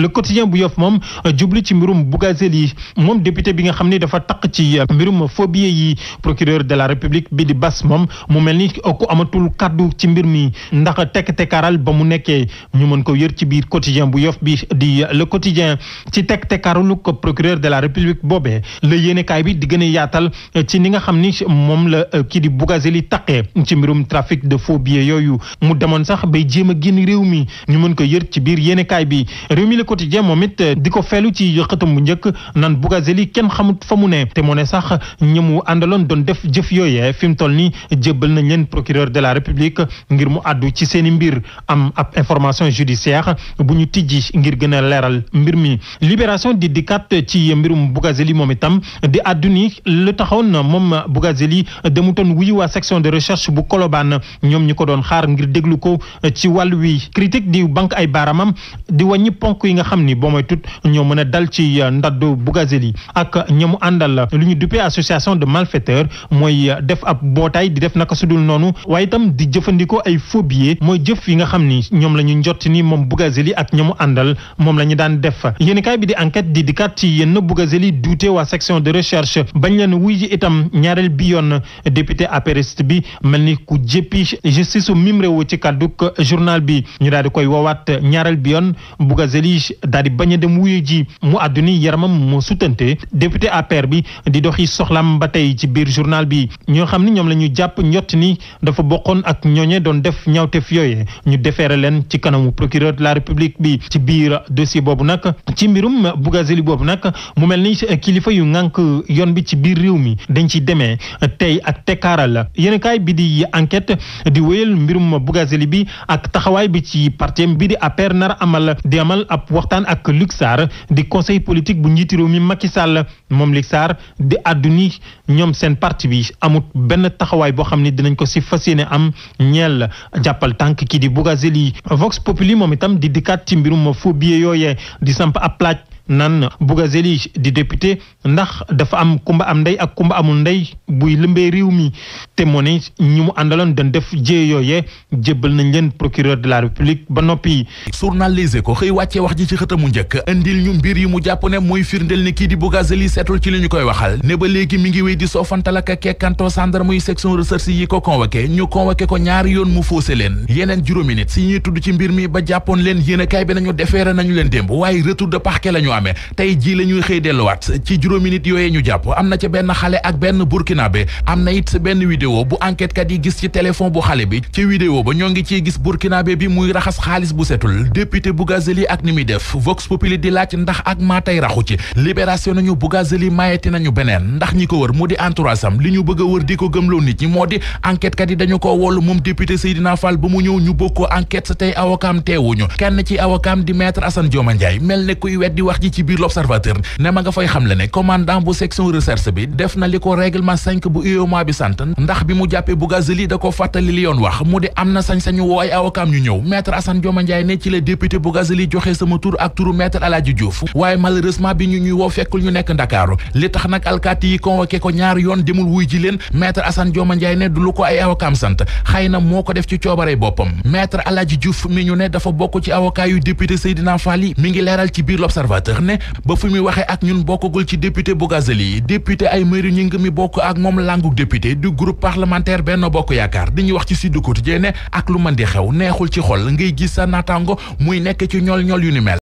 le quotidien bu yof moom euh, jubli ci mbirum Bougazelli yi moom député bi nga xam ni dafa taq ci euh, mbirum phobie yi procureur de la république bi di bas moom mu mel ni euh, ku amatul kàddu ci mbir mi ndax tekk tekkaaral ba mu nekkee ñu mën ko yër ci biir quotidien bu yof bi di le quotidien ci tekk tekkaaralu ko procureur de la république boobee la yéenekaay bi di gën a yaatal ci ni nga xam ni moom la kii di Bougazelli taqee ci mbirum trafic de phobie yooyu mu demoon sax bay jéem a génn réew mi ñu mën ko yër ci biir yéenekaay bi quotidien moom it eh, di ko feelu ci xëtam bu njëkk nan Bougazelli kenn xamut fa mu ne te mu ne sax ñi mu àndaloon doon def jëf yooyee fi mu toll ni jébbal nañ leen procureur de la république ngir mu àddu ci seen i mbir am ab information judiciaire bu ñu tijji ngir gën a leeral mbir mi libération di dikkaat ci mbirum Bougazelli moom itam di àddu ni lu taxawoon moom Bougazelli demutoon wuyu waa section de recherche bu Colobane ñoom ñi ko doon xaar ngir déglu ko ci wàll wi critique ay baaramam nga xam ni boo mooy tut ñoo mën a dal ci euh, ndaddu Bougazelli ak ñamu àndal lu ñu duppee association de malfaiteurs mooy euh, def ab mbootaay di def naka sudul noonu waaye itam di jëfandikoo ay faux mooy jëf yi nga xam ni ñoom la ñu njott ni moom Bougazelli ak ñamu àndal moom la ñu daan def yéenekaay bi di enquête di dikkaat ci yenn Bougazelli duute waa section de recherche bañ leen wuy ji itam ñaareel bi yoon député apériste bi mel ni ku jéppi justice u mim réew ci kàdduk journal bi ñu daal juge daal di bañ a dem wuye ji mu àdduni yaramam moo sutante député APR bi di doxi soxlam ba tey ci biir journal bi ñoo xam ni ñoom la ñu jàpp njott ni dafa bokkoon ak ñooñe doon def ñawtef yooye ñu defeere leen ci kanamu procureur de la république bi ci biir dossier boobu nag ci mbirum Bougazeli boobu nag mu mel ni kilifa yu ŋànk yoon bi ci biir réew mi dañ ci demee tey ak tekkaaral yéenekaay bi di enquête di wéyal mbirum Bougazeli bi ak taxawaay waxtaan ak Luc saar di conseil politique bu njiiti réew mi Macky Sall moom Luc saar di àdduni ñoom seen parti bi amut benn taxawaay boo xam ne dinañ ko si fas yéene am ñeel jàppal tànk kii di Bougazelli Vox Populi moom itam di di dikkaat ci mbirum faux billets yooye di samp ab laaj nan Bougazeli di député ndax dafa am kumba am ndey ak kumba amul ndey buy lëmbee réew mi te moo ne ñi mu àndaloon dañ def jée yooyee jébbal nañ leen procureur de la république ba noppi. journalisé ko xëy wàccee wax ji ci xëtamu njëkk indil ñu mbir yi mu jàpp ne mooy firndeel ni kii di Bougazeli seetul ci li ñu koy waxal ne ba léegi mi ngi wéy di soofantal ak kekkantoo gendarme yi section recherche yi ko convoqué ñu convoqué ko ñaari yoon mu fóose leen yeneen juróomi nit si ñuy tudd ci mbir mi ba jàppoon leen yéen a kaay bi nañu defeere nañu leen démb waaye retour de parquet lañu Dramé tey jii la ñuy xëy delluwaat ci juróomi nit yooyee ñu jàpp am na ca benn xale ak benn burkinabé am na it benn vidéo bu enquête kat yi gis ci téléphone bu xale bi ci vidéo ba ñoo ngi ciy gis burkinabé bi muy raxas xaalis bu setul député Bougazeli ak ni muy def Vox Populi di laaj ndax ak maa raxu ci libération nañu Bougazeli mayeti nañu beneen ndax ñi ko wër mu di entourage am li ñu bëgg a wër di ko gëmloo nit ñi moo di enquête kat yi dañu ko woolu moom député Seydina Fall ba mu ñëw ñu bokkoo sa tey awakaam teewuñu kenn ci awakaam di maître Assane Dioma Ndiaye mel ne kuy weddi wax wax ji ci biir l'observateur ne ma nga fay xamle ne commandant bu section recherche na li ko règlement cinq bu UEMOA bi sant ndax bi mu jàppee Bougazeli da ko fàttali li yoon wax mu am na sañ-sañu woo ay awakaam ñu ñëw maître Assane Dioma Ndiaye ne ci la député Bougazeli joxe sama tur ak turu maître El Hadji Diouf waaye malheureusement bi ñu ñuy woo fekkul ñu nekk Ndakaaru li tax nag alkaati yi convoqué ko ñaari yoon demul wuy ji leen maître Assane Dioma Ndiaye ne du lu ko ay awakaam sant xëy na moo ko def ci coobare boppam maître El Hadji Diouf mi ñu ne dafa bokk ci avocat yu député Seydina Fall ngi leeral ci biir l'observateur l'observateur ba fu muy waxee ak ñun bokkagul ci député Bougazeli député Aymérou Gningue mi bokk ak moom langu député du groupe parlementaire benn Bokk Yaakaar dañuy wax ci Sud Quotidien ne ak lu mën di xew neexul ci xol ngay gis sa naataango muy nekk ci ñol ñol yu ni mel